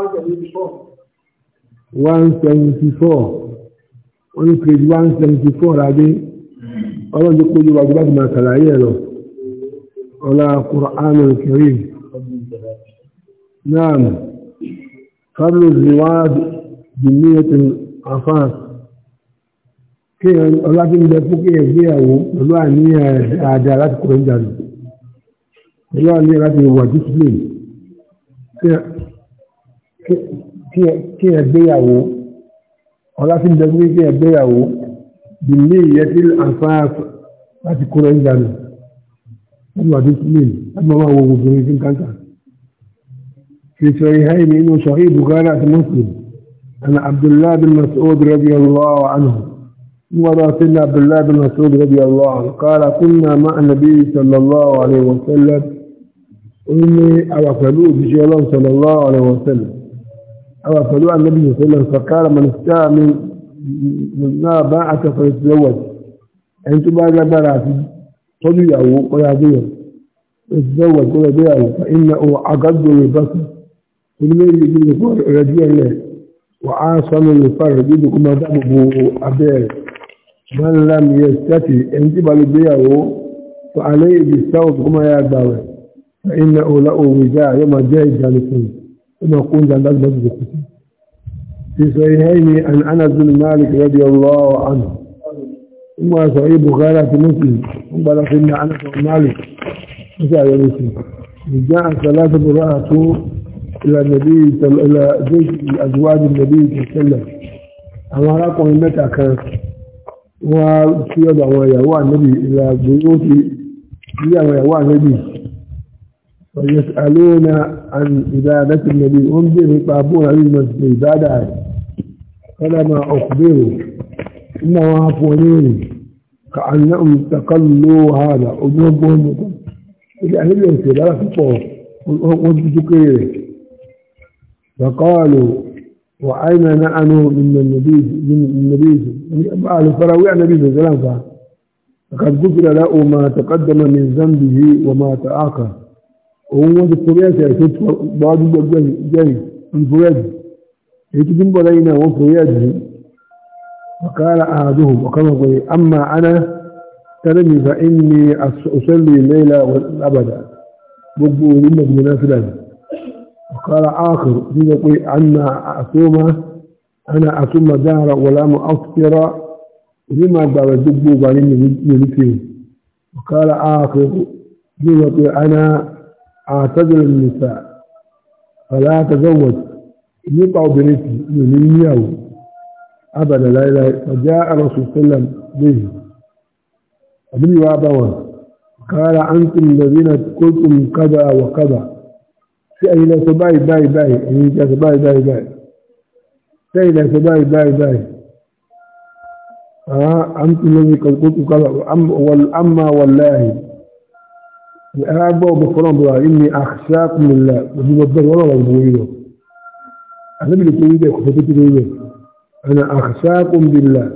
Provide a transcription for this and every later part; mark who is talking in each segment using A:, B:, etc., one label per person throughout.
A: one seventy four wọ́n ní page one seventy four adé ọlọ́run tó kójú wa gbọ́dọ̀ máa kàlàyé ẹ̀ lọ ọlá kùránù kẹrì náà carlos riwad jimiyat afas kí ọlábìnrin fún kí ẹgbéyàwó pẹ̀lú àníyàn àdá láti kúrò ń dànù pẹ̀lú àníyàn láti wà discipline kí ẹ gbéyàwó ọláfin dẹ̀gbé kí ẹ gbéyàwó bìlí yẹtí àǹfààf láti kó rẹ̀ ń dànù wọ́n wà dúkú lè láti máa wo gbogbo ní kíkàkà fi sọ̀rọ̀ ìhá ìmì inú sọ̀rọ̀ ìbùkárà àti mọ́sùlùmí أنا عبد الله بن مسعود رضي الله عنه ورأتنا عبد الله بن مسعود رضي الله عنه قال كنا مع النبي صلى الله عليه وسلم إني أرسلوه بجلال صلى الله عليه وسلم أو فلوى النبي صلى الله عليه وسلم فقال من استاء من منا باعة فيتزوج أنت ما جبرات تضيع وقيادية يتزوج ولا بيعه فإنه أقد للبصر من يجي يقول رجيع له وعاصم الفرد يدكم أبو أبيه من لم يستطع أنت بالبيعه فعليه بالسوق كما يدعوه فإنه له وجاء يوم جاء جالسون ونقول لأن هذا مجد في صحيحين عن أنس بن مالك رضي الله عنه ثم صحيح بخاري في مسلم ثم لكن أنس بن مالك جاء مسلم جاء ثلاثة امرأة إلى النبي إلى زوج أزواج النبي صلى الله عليه وسلم أما رقم متى كان وفي يضع ويهوى النبي إلى بيوت إلى ويهوى النبي ويسألون عن عبادة النبي أنزل يطابون عن المسجد بعد فلما أخبروا إنه وافونين كأنهم تقلوا هذا أجوبهم يعني بيسير على فطور وانتجكير فقالوا وأين نعنوا من النبي من النبي قالوا فراوي عن يعني النبي صلى الله عليه وسلم فقد غفر له ما تقدم من ذنبه وما تآخر هو وقال أحدهم وقال قوي أما أنا ترمي فإني أصلي الليلة والأبدا بقبو لما بنا وقال آخر هنا قوي أما أصوم أنا أصوم دارا ولا مؤثرا لما بقبو بقبو بقبو وقال آخر هنا قوي أنا àtọ́jọ́ nìta ọ̀lá àtọ́jọ́wọ̀ nípa obìnrin tí mi ní níyàwó abàdà láìláì ọjá arọ́sù sẹ́lẹ̀m léyìí àbíyíwá bá wọn kára an tún lórí na kókùn kábà wà kábà sí ẹ̀yí lẹ́sọ báyìí báyìí báyìí ẹ̀yí lẹ́sọ báyìí báyìí báyìí sẹ́yìn lẹ́sọ báyìí báyìí báyìí an tún lórí kókùn kábà amma wallahi أبو بفران بلا إني أخشاكم لله وجب الضر ولا ربويه النبي اللي تقول ده كفتة تقول أنا أخشاكم بالله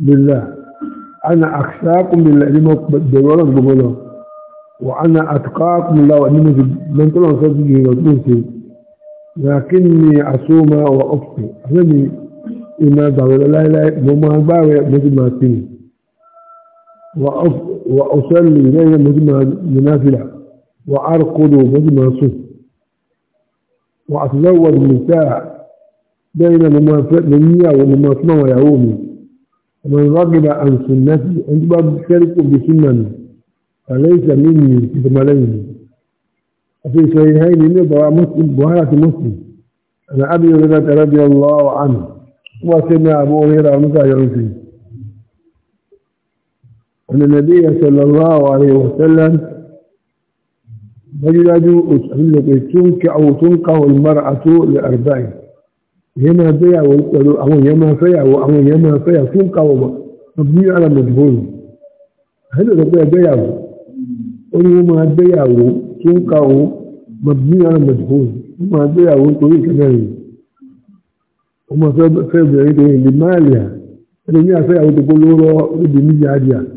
A: بالله أنا أخشاكم بالله لما الضر ولا ربويه وأنا أتقاكم الله وأنما من كل أنصاره ودوسه لكني أصوم وأفطر النبي إما دعوة لا إله إلا ما باوي مثل ما تقول وأصلي إليها مجمع منافلة وأرقد مجمع صف وأتزوج النساء بين منيا ومماثلة ويعومي ومن رغب عن سنتي أنت بعد بتشارك بسنن فليس مني كتمالين وفي صحيحين نضع مسلم بهارة مسلم أنا أبي هريرة رضي الله عنه وسمع أبو هريرة متى يرسل أن النبي صلى الله عليه وسلم مجلد تنكع تنكع المرأة لأربعين يما بيع أو يما فيع أو يما فيع تنكع مبني على مجهول هذا ربيع أو ويما بيعه تنكع مبني على مجهول وما بيعه طريق كمان وما فيع بيعه لمالها لمالها فيع وتقول له ربي مجهد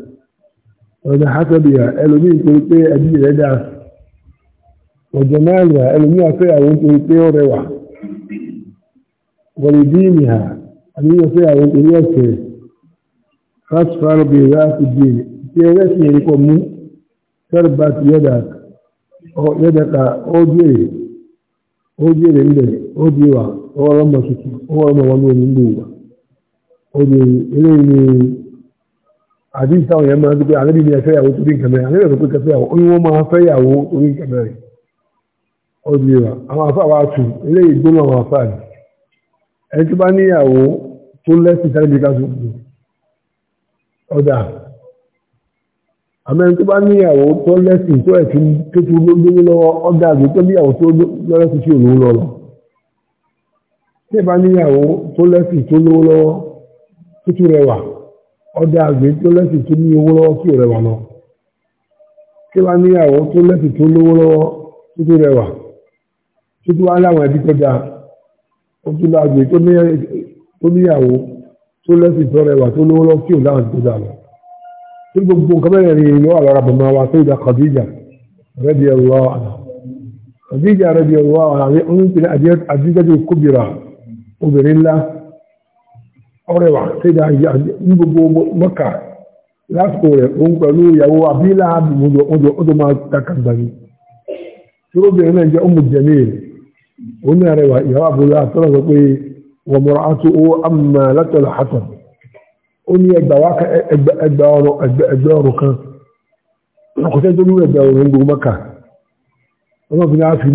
A: ọ̀nà hasabiya ẹlòmíì nítorí pé ẹbí rẹ̀ dáa ọ̀jọ̀ náà ẹlòmíì àfẹ́yàwó nítorí pé ó rẹwà wọ̀lì díìnì hà àníyàn fẹ́yàwó nítorí fásitì tí yẹn kọ mú ti yẹ́dà yẹ́dàkà ó jèrè ó jèrè ó di wà àdìs táwọn yẹn máa ń gbé àlébí ni ẹfẹ́ yàwó torí nǹkan mẹ́rin àlébí ẹ̀sọ́ pé kẹfẹ́ yàwó oyún wọn máa fẹ́ yàwó torí nǹkan mẹ́rin ó di wa àwọn afá wa tù eléyìí gbóná àwọn afá ni ẹni tó bá níyàwó tó lẹ́sìn sáré bí ká tó kù ọ̀dà àmọ́ ẹni tó bá níyàwó tó lẹ́sìn tó ẹ̀ tún tó tún lóyún lọ́wọ́ ọ̀dà àgbẹ̀ tó níyàwó tó lọ́lẹ́sìn tí òun lọ tó tún rẹwà ọdẹ àgbẹ̀ tó lẹ́sìn tó ní owó lọ́wọ́ rẹwà lọ tí wá níyàwó tó lẹ́sìn tó lówó lọ́wọ́ tó tó rẹwà tó tó wá láwọn ẹbí tó dáa ó tó lọ àgbẹ̀ tó níyàwó tó tó rẹwà tó lówó lọ́wọ́ tó dáa lọ tí gbogbo nǹkan bàmá wa tó ọrẹwà tẹ́jà ní gbogbo mọ́kà lásìkò rẹ̀ òun pẹ̀lú ìyàwó abílá ọdún máa takàgbà ní tí ó bẹ̀rẹ̀ náà jẹ́ ọmọ jẹ́mí rẹ̀ òun náà rẹwà ìyàwó àbúrò àtọ́rọ̀ sọ pé wọ́n mọ̀rọ̀ àti owó àmà látọ̀lá hasan ó ní ẹgbà ọ̀rọ̀ kan ọkọ̀tẹ́ tó ní ẹgbà ọ̀rọ̀ gbogbo mọ́kà ọlọ́fin náà fi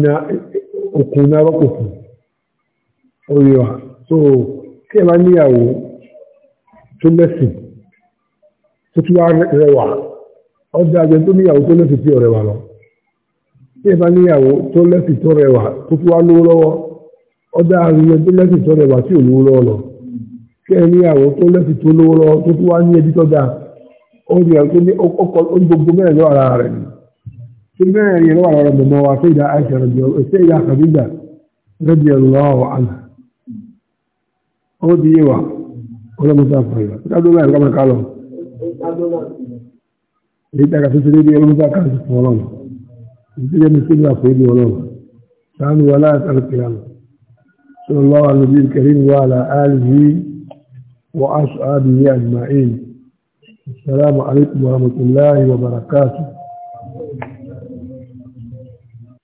A: okùn náà rọ́pò kù ó yẹ wa so kí ẹ máa níyàwó tó lẹ́sìn tó rẹwà ọjà àjẹ tó níyàwó tó lẹ́sìn tí ò rẹwà lọ kí ẹ máa níyàwó tó lẹ́sìn tó rẹwà tó tún wá lówó lọ́wọ́ ọjà àjẹ tó lẹ́sìn tó rẹwà tí ò lówó lọ́wọ́ lọ kí ẹ níyàwó tó lẹ́sìn tó lówó lọ́wọ́ tó tún wá ní tó ó ní ọkọ gbogbo mẹ́rin lọ́wọ́ ara rẹ̀ tí mẹ́rin lọ́wọ́ ara rẹ̀ ìdá ó di yé wa ọlọ́mọsá fàyà kádọ́lá ẹ̀ kọ́mọ kálọ̀ èyí tàkà tó tẹ́lẹ̀ bí ọlọ́mọsá kan ti fún ọlọ́mọ ìdílé mi sílẹ̀ àpò ìdí ọlọ́mọ sáánù wà láàrín alùpìlà